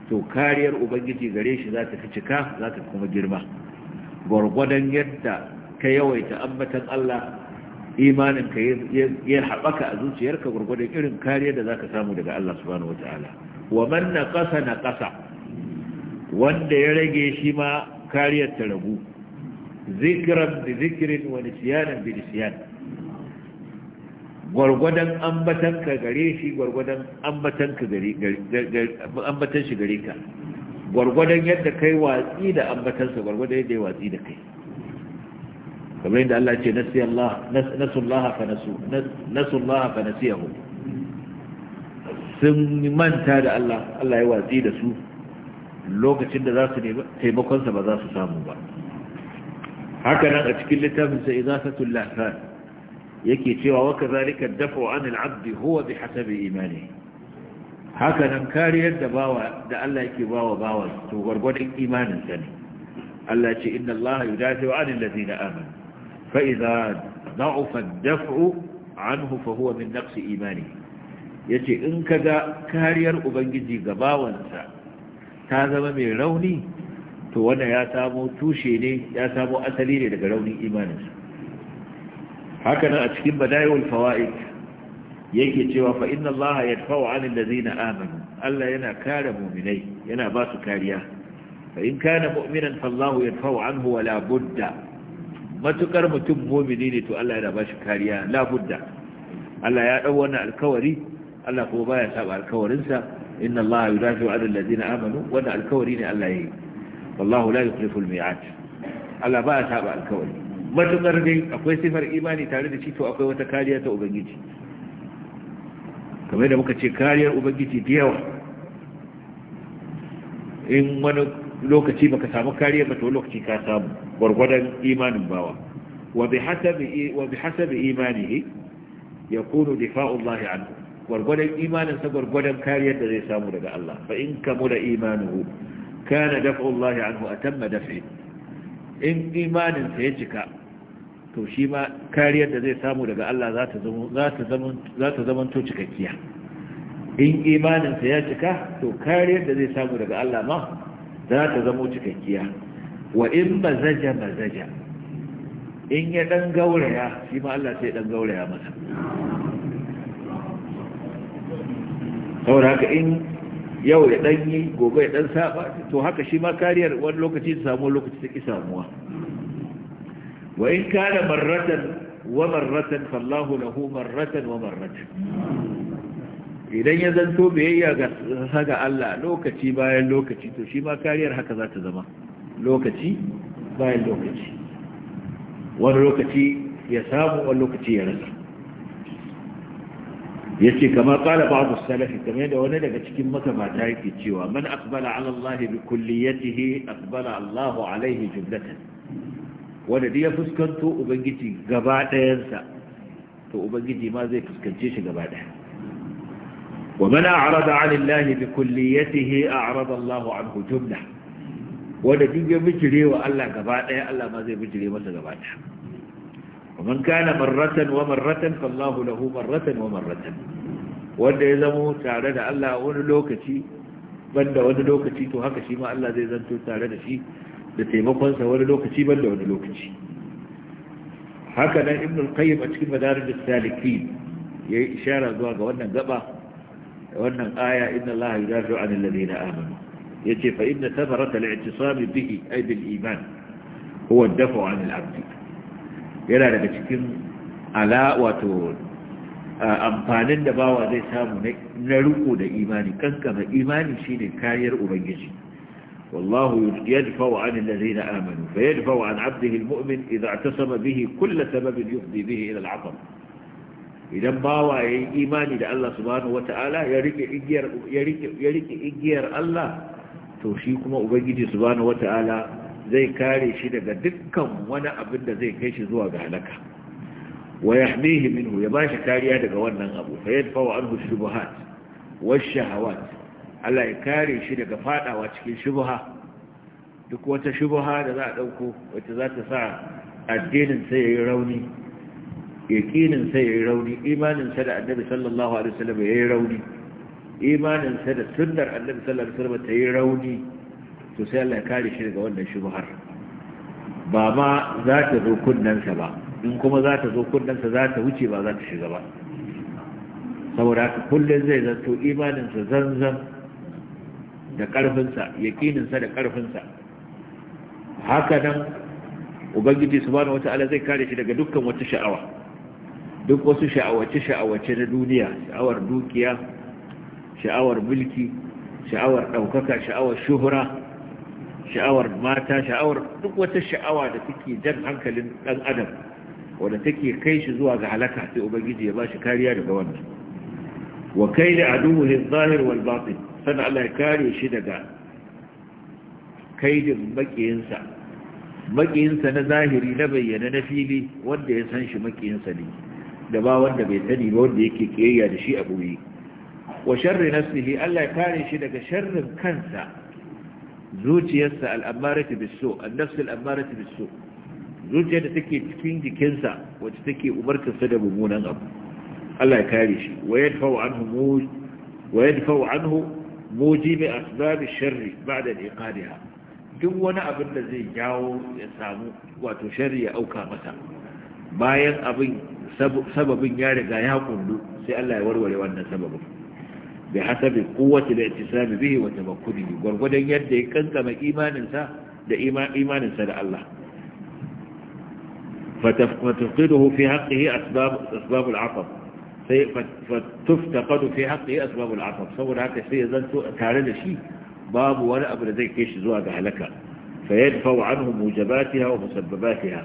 A: to kariyar ubangiji gare shi za ta fi cika za ta kuma girma gwargwadon yadda ka yawaita ambatan Allah imaninka ya haɓaka a zuciyarka gwargwadon irin kariya da za ka samu daga Allah subhanahu ta'ala wa man na ƙasa na ƙasa wanda ya rage shi ma kariyar ta ragu zikiran bi zikirin wa nisiyanan bi nisiyan gwargwadon ambatanka gare shi gwargwadon ambatan shi gare ka gwargwadon yadda kai watsi da ambatansa gwargwadon yadda ya watsi da kai kamar yadda Allah ce nasullaha fa nasu nasullaha fa nasiyahu sun manta da Allah Allah ya watsi da su lokacin da za su nemi taimakon ba za su samu ba haka nan a cikin littafin sa izafatul lahfan yake cewa wa kazalika dafu an al-abd huwa bi hasabi imani haka nan kariyar da bawa da Allah yake bawa bawa to gwargwadon imanin sa ne Allah ce inna Allah yudafi'u 'anil ladina amanu fa'iza da'ufan daf'u anhu fa huwa min naqsi imani yace in kaga kariyar ubangiji ga bawansa ta zama mai rauni to wanda ya samo tushe ne ya samo asali ne daga raunin imaninsa haka nan a cikin badayul fawaid yake cewa fa inna allaha yadfa'u 'anil ladzina amanu Allah yana kare mu'minai yana ba su kariya fa in kana mu'minan fallahu yadfa'u 'anhu wala budda matukar mutum mumini ne to Allah yana bashi kariya labudda Allah ya dau wannan alkawari Allah kuma baya saba alkawarinsa inna Allah yudafi'u 'anil ladina amanu wannan alkawari ne Allah yayi wallahu la yukhlifu al-mi'ad Allah baya saba alkawari matukar ne akwai sifar imani tare da shi to akwai wata kariya ta ubangiji kamar da muka ce kariyar ubangiji da yawa in wani lokaci baka samu kariya ba to lokaci ka samu gwargwadon imanin bawa wa bi hasabi wa imanihi yakunu difa'u Allah anhu gwargwadon imanin sa gwargwadon kariyar da zai samu daga Allah fa in kamu da imanuhu kana daf'u Allah anhu atamma daf'i in imanin sa ya cika to shi ma kariyar da zai samu daga Allah za ta zama za ta zama za ta zama to cikakkiya in imanin sa ya cika to kariyar da zai samu daga Allah ma za ta zamo cikakkiya wa in mazaja mazaja in ya dan gauraya shi ma Allah sai dan gauraya masa saboda haka in yau ya dan yi gobe ya dan saba to haka shi ma kariyar wani lokaci ta samu lokaci ta ki samuwa wa in kana marratan wa marratan fallahu lahu marratan wa marratan idan ya zanto biyayya ga saga Allah lokaci bayan lokaci to shi ma kariyar haka za ta zama lokaci bayan lokaci wani lokaci ya samu wani lokaci ya rasa ya ce kama kala ba salafi kamar da wani daga cikin makamata yake cewa man akbala ala Allah bi kulliyatihi akbala allahu alaihi jumlatan wanda dai ya fuskanto ubangiji gaba ɗayansa to ubangiji ma zai fuskance shi gaba ɗaya ومن أعرض عن الله بكليته أعرض الله عنه جملة wanda duk ya bijire wa Allah gaba ɗaya Allah ma zai bijire masa gaba ɗaya man wa marratan fallahu lahu wa marratan wanda ya zamo tare da Allah wani lokaci banda wani lokaci to haka shi ma Allah zai tare da shi da taimakon sa wani lokaci da wani lokaci haka nan ibnu qayyim a cikin madarijus salikin yayi ishara zuwa ga wannan gaba wannan aya inna Allah yudafi an alladhina amanu yace fa inna thabarat al-i'tisam bihi ay iman huwa dafa an al-abd yana daga cikin ala wato amfanin da bawa zai samu na ruku da imani kankama imani shine kariyar ubangiji wallahu yudafi an alladhina amanu fa yudafi an abdihi al-mu'min idha i'tasama bihi kull sabab yuhdi bihi ila al idan bawa ya yi imani da Allah subhanahu wata'ala ya rike igiyar Allah to shi kuma ubangiji subhanahu wata'ala zai kare shi daga dukkan wani abin da zai kai shi zuwa ga halaka wa yahmihi minhu ya bashi kariya daga wannan abu fa yadfa'u anhu shubuhat washahawat Allah ya kare shi daga fadawa cikin shubha duk wata shubha da za a dauko wacce za ta sa addinin sai ya yi rauni yakinin ya yayi rauni imanin da annabi sallallahu alaihi wasallam yayi rauni imanin da sunnar annabi sallallahu alaihi wasallam ta yi rauni to sai Allah ya kare shi daga wannan shubhar ba ma za ta zo kunnansa ba in kuma za ta zo kunnansa za ta wuce ba za ta shiga ba saboda haka kullum zai zanto imaninsa zanzan da ƙarfinsa yakininsa da ƙarfinsa haka nan ubangiji subhanahu wata'ala zai kare shi daga dukkan wata sha'awa duk wasu sha'awace-sha'awace na duniya sha'awar dukiya sha'awar mulki sha'awar ɗaukaka sha'awar shuhura sha'awar mata sha'awar duk wata sha'awa da take jan hankalin ɗan adam wadda take kai shi zuwa ga halaka sai ubangiji ya ba shi kariya daga wannan wa kai da aduhu zahir wal batin sannan Allah ya kare shi daga kaidin makiyinsa makiyinsa na zahiri na bayyana na fili wanda ya san shi makiyinsa ne da ba wanda bai sani ba wanda yake kiyayya da shi a boye wa sharri nafsihi Allah ya kare shi daga sharrin kansa zuciyarsa al'amarati bisu an-nafs al'amarati bisu zuciyar da take cikin jikinsa wacce take umartarsa da mummunan abu Allah ya kare shi wa yadfa'u anhu muj wa yadfa'u anhu mujibi asbab ash-sharri ba'da al-iqadiha duk wani abin da zai jawo ya samu wato sharri ya auka masa bayan abin sababin ya riga ya kundu sai Allah ya warware wannan sababin bi hasabi quwwati al-i'tisami bihi wa tamakkulihi gurgudan yadda ya kankama imaninsa da imaninsa da Allah فتفقده في حقه أسباب, أسباب العطب فتفتقد في حقه أسباب العطب صور هكا شيء ذلك تعالى شيء باب ولا أبدا ذي كيش زواج هلكا فيدفع عنه موجباتها ومسبباتها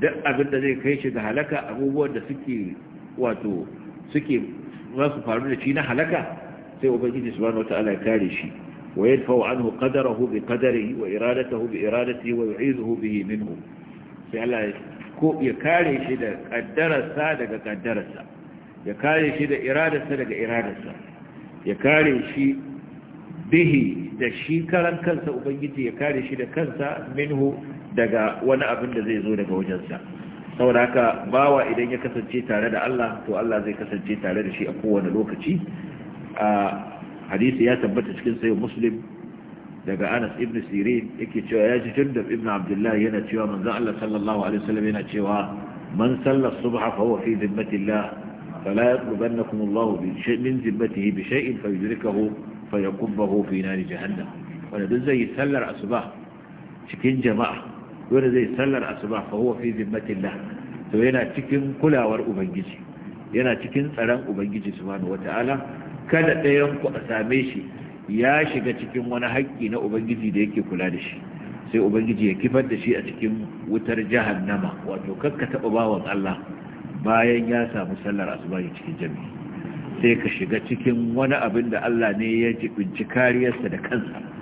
A: duk abin da zai kai shi ga halaka abubuwan da suke wato suke masu faru da shi na halaka sai ubangiji subhanahu wataala ya kare shi wa yadfa'u anhu qadarahu bi qadarihi wa iradatahu bi iradatihi wa yu'izuhu bihi minhu sai Allah ko ya kare shi da kaddararsa daga kaddararsa ya kare shi da iradarsa daga iradarsa ya kare shi bihi da shi karan kansa ubangiji ya kare shi da kansa minhu daga wani abin da zai zo daga wajensa saboda haka bawa idan ya kasance tare da Allah to Allah zai kasance tare da shi a kowane lokaci a hadisi ya tabbata cikin sayo muslim daga anas ibn sirin yake cewa ya ji jundab ibn abdullah yana cewa manzon Allah sallallahu alaihi wasallam yana cewa man salla subha fa huwa fi dhimmatillah fala yatlubannakum Allah bi shay'in min dhimmatihi bi shay'in fayudrikahu fayakubbahu fi nar jahannam wanda duk zai sallar asuba cikin jama'a dole zai sallar asuba fa huwa fi zimmatillah to yana cikin kulawar ubangiji yana cikin tsaron ubangiji subhanahu wata'ala kada ɗayan ku a same shi ya shiga cikin wani haƙƙi na ubangiji da yake kula da shi sai ubangiji ya kifar da shi a cikin wutar jahannama wato kakka taɓa bawan Allah bayan ya samu sallar asuba cikin jami'i sai ka shiga cikin wani abin da Allah ne ya jibinci kariyarsa da kansa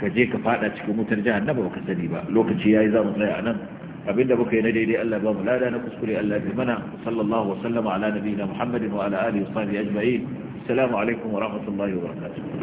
A: ka je ka fada cikin wutar ba baka sani ba lokaci yayi za mu tsaya nan abinda muka yi na daidai Allah ba mu lada na kuskure Allah bi mana sallallahu wa sallama ala nabiyina Muhammadin wa ala alihi wa sahbihi ajma'in assalamu alaikum wa rahmatullahi wa barakatuh